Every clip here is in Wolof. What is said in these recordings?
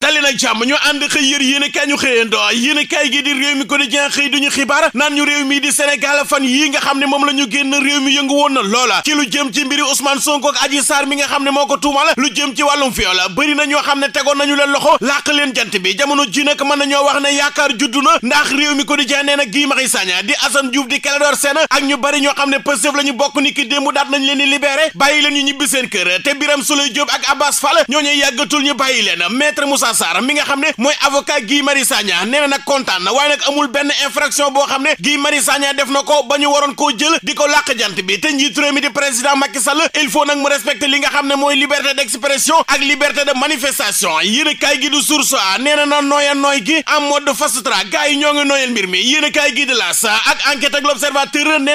dali nag jàmm ñu ànd xëy yër yéen kaay ñu xëyando yéen kaay gi di réew mi quotidien xëy duñu xibaar naan ñu réew mi di Sénégal fan yi nga xam ne moom la ñu génn réew mi yëngu woon na loola ci lu jëm ci mbiri Ousmane Sonko ak Adji mi nga xam ne moo ko tuumal lu jëm ci wàllum viol bëri na ñoo xam ne tegoon nañu leen loxo làq leen jant bi jamono ji nag mën nañoo wax ne yaakaar juddu na ndax réew mi quotidien nee na Guy Marius Sagna di Assane Diouf di Clédor Sène ak ñu bëri ñoo xam ne Pastef la ñu bokk ni ki démb daat nañ leen di libéré bàyyi leen seen kër te Birame Souleye Diop ak Abbas Fall yàggatul ñu bàyyi leen maître Moussa Moussa Sarr mi xam ne mooy avocat Guy Marius Sagna nee na kontaan na waaye nag amul benn infraction boo xam ne Guy Marius Sagna def na ko ba ñu waroon jël di ko làq jant bi te njiitu mi di président Macky Sall il faut nag mu respecter xam ne mooy liberté d'expression ak liberté de manifestation yéen a kaay gi du a nee na nooya nooy gi en mode fast track gars yi ñoo ngi nooyal mbir mi yéen a kaay gi de ak enquête ak l'observateur ne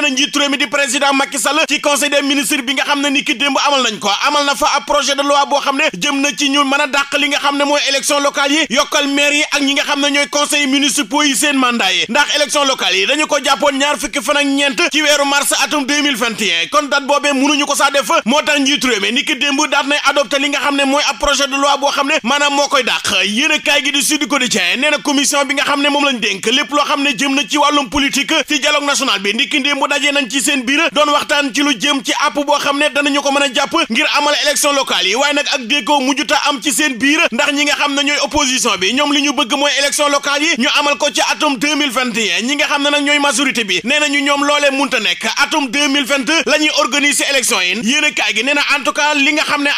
a élection locale yi yokkal maire ak ñi nga xam ne ñooy conseil municipaux yi seen mandat yi ndax élection locale yi dañu ko jàppoon ñaar fukki fan ak ñeent ci weeru mars atum 2021 kon date boobee mënuñu ko saa def moo tax njiitu réew mi ni ki daat nay adopté li nga xam ne mooy ab projet de boo xam ne maanaam moo koy dàq yéen a kaay gi di Sud Quotidien nee na commission bi nga xam ne moom lañ dénk lépp loo xam ne jëm na ci wàllum politique ci dialogue national bi ni ki démb dajee nañ ci seen biir doon waxtaan ci lu jëm ci àpp boo xam ne danañu ko mën a jàpp ngir amal élection yi waaye nag ak déggoo mujjuta am ci seen biir ndax ñi nga xam na ne ñooy opposition bi ñoom li ñu bëgg mooy élection locale yi ñu amal ko ci atum 2021 ñi nga xam ne nag ñooy majorité bi nee nañu ñoom loolee munta nekk atum 2022 la ñuy organiser élection yi yéen a kaay gi nee na en tout cas li nga xam ne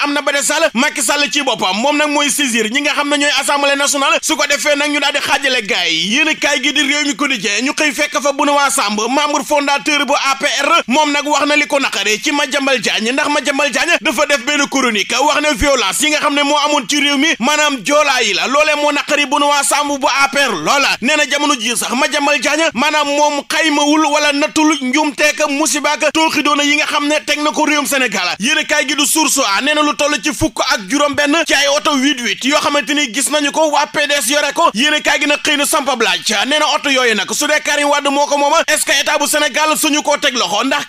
ñooy assemblée nationale su ko defee ñu daal xaajale gars yi yéen a gi di réew mi quotidien ñu xëy fekk fa Benoît Samb membre fondateur bu APR moom nag wax na li ko naqare ci Madiambal Diagne ndax Madiambal Diagne dafa def benn chronique wax na xam ne moo amoon loolaa yi la loolee moo naqari bu nu waa sàmm bu APR loola nee na jamono ji sax ma jamal jaaña maanaam moom xaymawul wala nattul njuumteeka musibaaka tooxi doona yi nga xam ne teg na ko réewum Sénégal yéen a kaay gi du source a nee na lu toll ci fukk ak juróom benn ci ay oto huit huit yoo xamante ni gis nañu ko waa PDS yore ko yéen a kaay gi xëy na sampablaaj nee na oto yooyu nag su dee Karim Wade moo ko mooma est-ce que état bu Sénégal suñu koo teg loxo ndax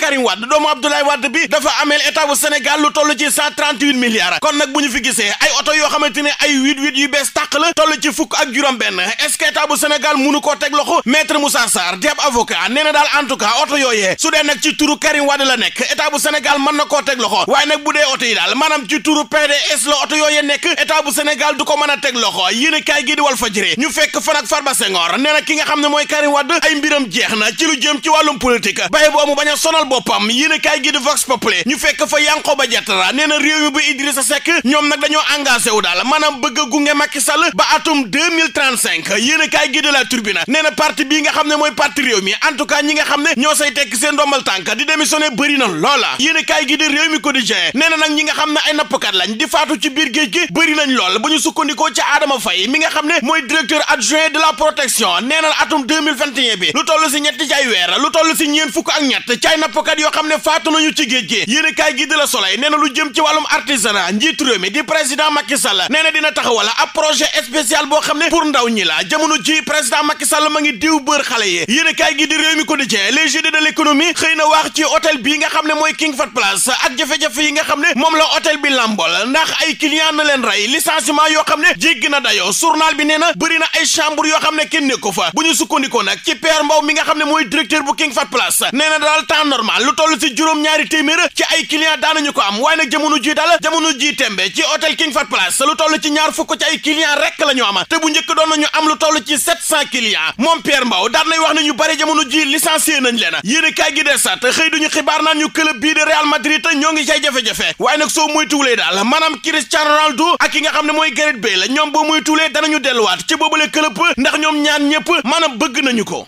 lu toll ci cent trente-huit milliards kon nag bu ñu fi gisee yoo xamante ne yu bees tàq la ci fukk ak juróom benn est-ce que état munu koo teg loxo maître Moussa Sarr di ab avocat daal en oto yooyee su ci turu Karim Wade la nekk état bu Sénégal koo teg loxo waaye nag bu dee oto yi daal maanaam ci turu PDS la oto yooyee nekk état bu du ko mën a teg loxo yéen a kaay gi di Walf Fadjri ñu fekk fan ak Farba Senghor nee na ki nga xam ne mooy Karim Wade ay mbiram jeex na ci lu jëm ci wàllum politique a a Macky Sall ba atum 2035 yéen a kaay gi de la Tribune nee na parti bii nga xam ne mooy parti réew mi en tout cas ñi nga xam ne ñoo say tekk seen ndombal tànk di démissionné bëri na loola yéen a kaay gi de réew mi quotidien nee na ñi nga xam ne ay nappkat lañ di faatu ci biir géej gi bëri nañ lool bu ñu sukkandikoo ci Adama Faye mi nga xam ne mooy directeur adjoint de la protection nee na atum 2021 bi lu toll si ñetti ci ay weer lu si ñeen fukk ak ñett ci ay nappkat yoo xam ne faatu nañu ci géej gi yéen a kaay ci wàllum artisanat njiitu réew mi di président Macky Sall nee dina taxawala projet spécial boo xam ne pour ndaw ñi la jamono ji président Macky Sall ma ngi diw bër xale yi yéen a kaay gi di réew mi ko di cee les jeunes de l'économie xëy na wax ci hôtel bii nga xam ne mooy King fat Palace ak jafe yi nga xam ne moom la hôtel bi lambol ndax ay client na leen rey licenciement yoo xam ne jéggi na dayoo journal bi nee na bëri na ay chambre yoo xam ne kenn ko fa bu ñu sukkandikoo nag ci Père Mbow mi nga xam ne mooy directeur bu King fat Palace nee na daal temps normal lu toll si juróom-ñaari téeméer ay client daanañu ko am waaye nag jamono ji jamono ji tembe ci hôtel King Fahd Palace toll ci ñaar fukk ay clients rek la ñu am bu njëkk doon nañu am lu toll ci 700 clients moom Pierre Mbaw daan nay wax ne ñu bëri jamono ji licencié nañ leen yéen kaay gi des te xëy duñu xibaar naan ñu club bii de Real Madrid te ñoo ngi cay jafe-jafe waaye nag soo muy tuulee daal maanaam Cristiano Ronaldo a ki nga xam ne mooy Gareth Bale la ñoom boo muy tuulee danañu delluwaat ci boobale club ndax ñoom ñaan ñëpp maanaam bëgg nañu ko